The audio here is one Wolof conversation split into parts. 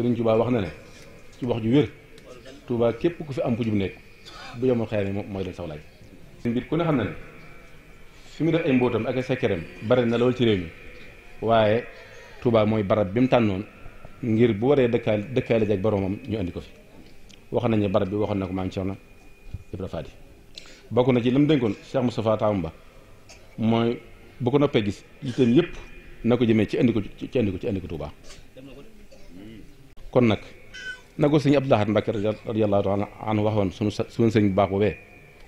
Sëriñ Tuubaa wax na ne ci wax ju wér Tuubaa képp ku fi am bu nekk bu yomal xëy na mooy doon saw laaj. sëriñ ku ne xam na ne fi mu def ay mbootam ak ay sekkereem bare na lool ci réew mi waaye Tuubaa mooy barab bi mu tànnoon ngir bu waree dëkkaale dëkkaale ji ak boroomam ñu andi ko fi wax nañu barab bi waxoon na ko maam Cerno Ibra Faati bokk na ci lam dénkoon Cheikh Moustapha Taamu Ba mooy bu ko noppee gis itam yëpp na ko jëmee ci andi ci andi ko ci andi ko kon nag na ko sëñ Abdou Lahad Mbacké radiyallahu taala anhu waxoon sunu sunu sëñ bu baax boobee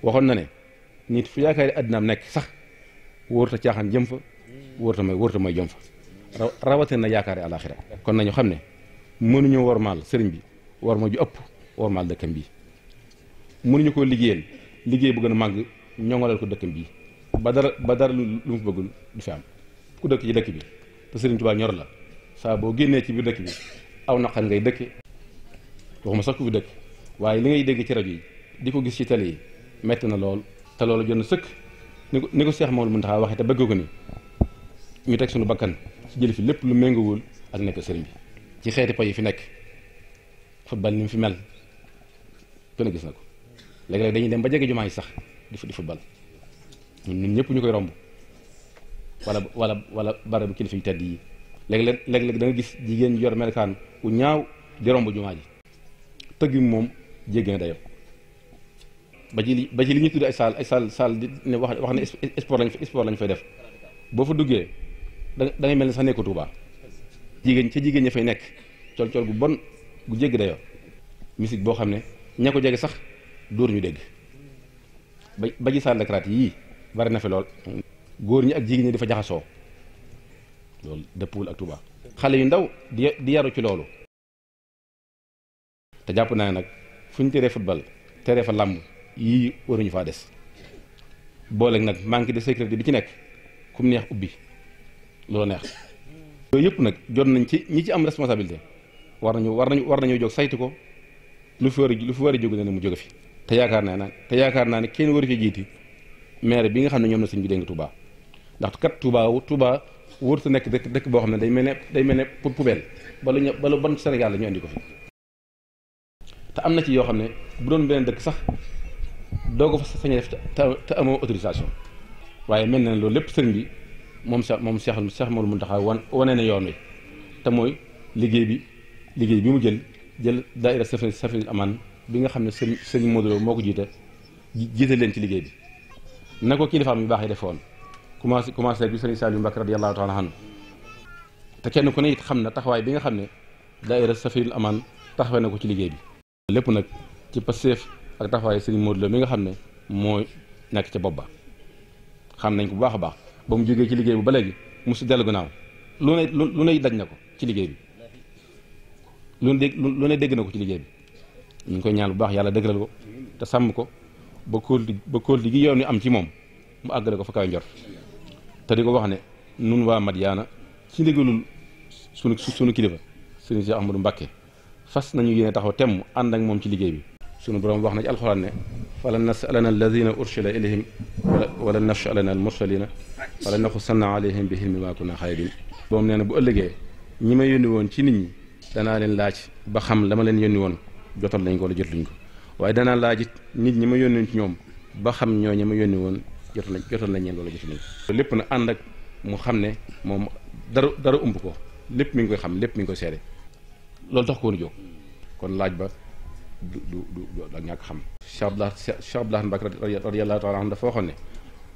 waxoon na ne nit fu yaakaari addinaam nekk sax wóorta caaxaan jëm fa wóorta may wóorta may jëm fa rawate na yaakaari alaxira kon nañu xam ne mënuñu wormaal sëriñ bi war ma ju ëpp wormaal dëkkam bi mënuñu koo liggéeyal liggéey bu gën a màgg ñoŋolal ko dëkkam bi ba dara ba dara lu mu bëggul du fi am ku dëkk ci dëkk bi te sëriñ Tuubaa ñor la saa boo génnee ci biir dëkk aw naqar ngay dëkke waxuma sax ku fi dëkk waaye li ngay dégg ci rajo yi di ko gis ci télé yi metti na lool te loolu jot na sëkk ni ko ni ko Seex mun Muntaxa waxe te bëgg ko ni ñu teg suñu bakkan ci jël fi lépp lu méngowul ak nekk sëriñ bi ci xeeti po yi fi nekk football ni mu fi mel ku ne gis na ko léegi-léeg dañuy dem ba jege jumaa yi sax di di football ñun ñun ñëpp ñu koy romb wala wala wala barabu kilifa yu tedd yi léeg-léeg léeg-léeg gis jigéen yor melekaan ku ñaaw di romb jumaa ji tëgg moom jéggi na dayo ba ci li ba ci li tudd ay saal saal saal di ne wax wax ne sport lañ fay def boo fa duggee da da ngay mel ne sax nekko Tuubaa jigéen ca jigéen ña fay nekk col col gu bon gu jéggi dayo musique boo xam ne ña ko jege sax dóor ñu dégg ba ba ci saal de karaté yii bari na fi lool góor ñi ak jigéen ñi dafa jaxasoo loolu dëppwul ak Touba xale yu ndaw di di yaru ci loolu te jàpp naa nag fu ñu teree football teree fa làmb yii waruñu faa des booleeg nag manque de sécurité bi ci nekk ku mu neex ubbi loo neex yooyu yëpp nag jot nañ ci ñi ci am responsabilité war nañu war nañu war nañoo jóg saytu ko lu fi war lu fi war a jóg ne mu jóge fi te yaakaar naa nag te yaakaar ne kenn waru fi jiiti maire bi nga xam ne ñoom na sëñ bi dénk tubaa ndax kat Touba Touba wërta nekk dëkk dëkk boo xam ne day mel ne day mel ne pour poubelle bala ñu bala ban Sénégal la ñu ko fi te am na ci yoo xam ne bu doon beneen dëkk sax doo ko fa sañ def te amoo autorisation waaye mel na loolu lépp sëriñ bi moom sax moom Cheikh Cheikh Mawal Mountakha wan wane na yoon wi te mooy liggéey bi liggéey bi mu jël jël daaira Safinatoul Safinatoul Amane bi nga xam ne sëriñ sëriñ moo ko jiite jiite leen ci liggéey bi na ko kilifaam yu baax yi defoon commencé commencé bi sëriñ Saliou Mbacké radiyallahu taala te kenn ku ne it xam na taxawaay bi nga xam ne daayira Safiyul Amaan taxawee na ko ci liggéey bi lépp nag ci Pastef ak taxawaay sëriñ Modou Lo mi nga xam ne moo nakk ca bopp ba xam nañ ko bu baax a baax ba mu jógee ci liggéey bi ba léegi mosu dellu gannaaw lu ne lu ne daj na ko ci liggéey bi lu ne dégg lu ne dégg na ko ci liggéey bi ñu ngi koy ñaan bu baax yàlla dëgëral ko te sàmm ko ba kóol ba kóol gi yoon wi am ci moom mu àggale ko fa kaw te di ko wax ne nun waa Madiyana ci ndigalul sunu sunu kilifa sëriñ Cheikh Ahmadou Mbacké nañu yéene taxaw temm ànd ak moom ci liggéey bi sunu borom wax na ci alxuraan ne fala nasalana alladina ursila ilayhim wala nasalana almursalina wala naxusanna alayhim bi hilmi maa kunna xaayibin boom nee na bu ëllëgee ñi ma yónni woon ci nit ñi danaa leen laaj ba xam la ma leen yónni woon jotal nañ ko wala jotluñ ko waaye danaa laaj nit ñi ma yónni ci ñoom ba xam ñoo ñi ma yónni woon jotal nañ jotal nañ leen wala jotal lépp na ànd ak mu xam ne moom dara dara umb ko lépp mi ngi koy xam lépp mi ngi koy seede loolu tax ko woon a kon laaj ba du du du ak ñàkk xam Cheikh Abdallah Cheikh Abdallah Mbacké radiyallahu taala anhu dafa waxoon ne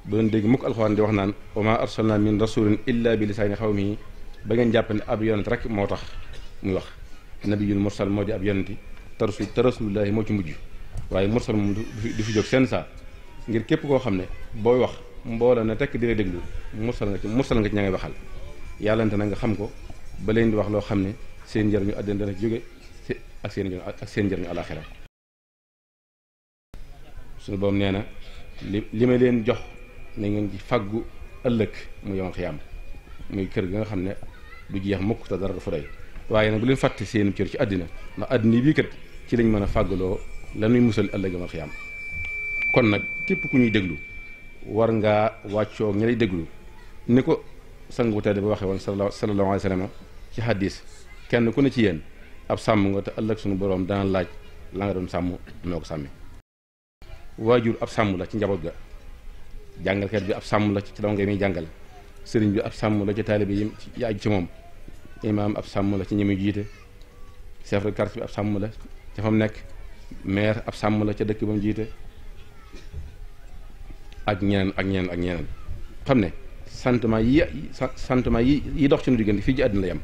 doon dégg mukk alxuraan di wax naan wa ma arsalna min rasulin illa bi xaw xawmihi ba ngeen jàpp ne ab yonent rek moo tax muy wax nabiyul mursal moo di ab yonent te rasul te rasulullahi moo ci mujj waaye mursal moom du saa ngir képp koo xam ne booy wax mbooloo na tekk di la déglu musal nga ci musal nga ci ña ngay waxal yàllante na nga xam ko ba leen di wax loo xam ne seen njëriñu àddina dana jóge ak seen njëriñu ak seen njëriñu nee na li li leen jox na ngeen fàggu ëllëg mu yoon xiyaam muy kër gi nga xam ne du jeex mukk sa dara du fa waaye nag bu leen fàtte seen cër ci àddina ndax àddina bii kat ci lañ mën a fàggaloo lanuy musal ëllëg yoon xiyaam kon nag képp ku ñuy déglu war ngaa wàccoo ña lay déglu ni ko sang bu tedd ba waxee woon sallallahu alayhi wa sallam ci hadis kenn ku ne ci yéen ab sàmm nga te ëllëg suñu boroom dana laaj la nga doon sàmm noo ko sàmmi waajur ab sàmm la ci njaboot ga jàngalkat bi ab sàmm la ci dongo yi muy jàngal sëriñ bi ab sàmm la ci taalibe yi yi aju ci moom imaam ab sàmm la ci ñi jiite chef de quartier bi ab sàmm la ca fam nekk maire ab sàmm la ca dëkk ba mu jiite ak ñeneen ak ñeneen ak ñeneen xam ne sentiment yi sentiment yi yi dox ci nu diggante fii ci àddina la yam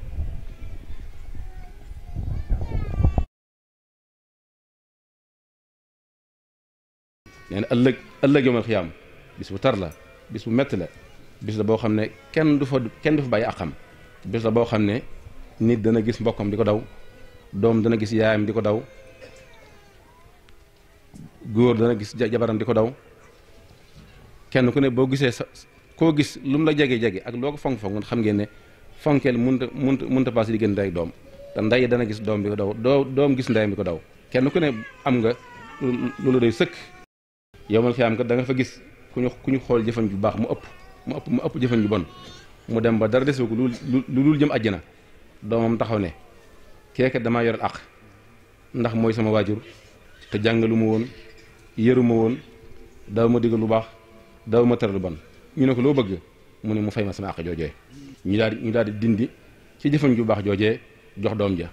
nee na ëllëg ëllëg yomal xiyaam bis bu tar la bis bu metti la bis la boo xam ne kenn du fa kenn du fa bàyyi àqam bis la boo xam ne nit dana gis mbokkam di ko daw doom dana gis yaayam di ko daw góor dana gis jabaram di ko daw kenn ku ne boo gisee sa koo gis lu mu la jege jege ak loo ko fonk fonk xam ngeen ne fonkeel munta munta munta paas diggante ak doom te nday dana gis doom bi ko daw doo doom gis ndayam bi ko daw kenn ku ne am nga loolu day sëkk yowmal xiyaam kat da nga fa gis ku ñu ku ñu xool jëfan ju baax mu ëpp mu ëpp mu ëpp jëfan ju bon mu dem ba dara desee ko lu lu jëm àjjana doomam taxaw ne keekat damaa yoral àq ndax mooy sama waajur te jàngalu woon yéruma woon daaw ma digal lu baax daw ma tere lu bon ñu ne ko loo bëgg mu ne mu fay ma sama àq joojee ñu daal di dindi ci jëfan ju baax joojee jox doom ja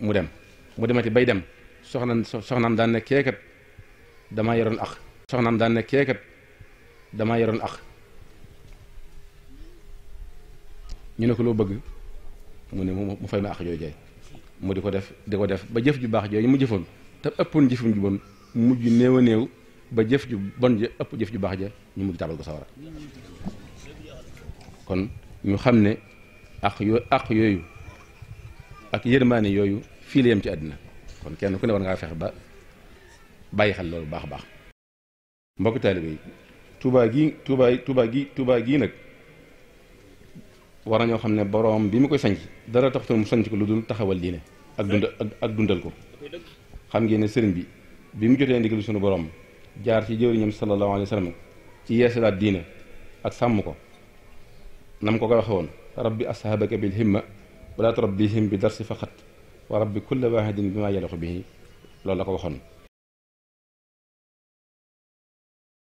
mu dem mu demati bay dem soxna soxnaam daan ne keekat damaa yoroon ak soxnaam daan ne damaa yoroon ak ñu ne loo bëgg mu ne mu fay ma ak joojee mu di ko def di ko def ba jëf ju baax jooju mu jëfoon te ëppoon jëfam ju bon mujj néew a ba jëf ju jëf ju baax ja ñu mujj tabal ko sawara ñu xam ne ak yoo ak yooyu ak yooyu fii la ci àddina kon kenn ku ne war ngaa fexe ba bàyyi xel loolu baax a baax mbokki taalibe yi tuubaa gi tuubaa tuubaa gi tuubaa gii nag war ñoo xam ne boroom bi mu koy sanc dara taxutoon mu sanc ko lu dul taxawal diine ak dund ak dundal ko xam ngeen ne sëriñ bi bi mu jotee ndigal suñu borom jaar ci jëwriñam sallallahu alayhi wa sallam ci yeesalaat diina ak sàmm ko nam ko ko waxe woon rabbi ashabaka bil himma wala turabbihim bi darsi faqat wa rabbi kulla wahidin bi ma yalaxu bihi loolu la ko waxoon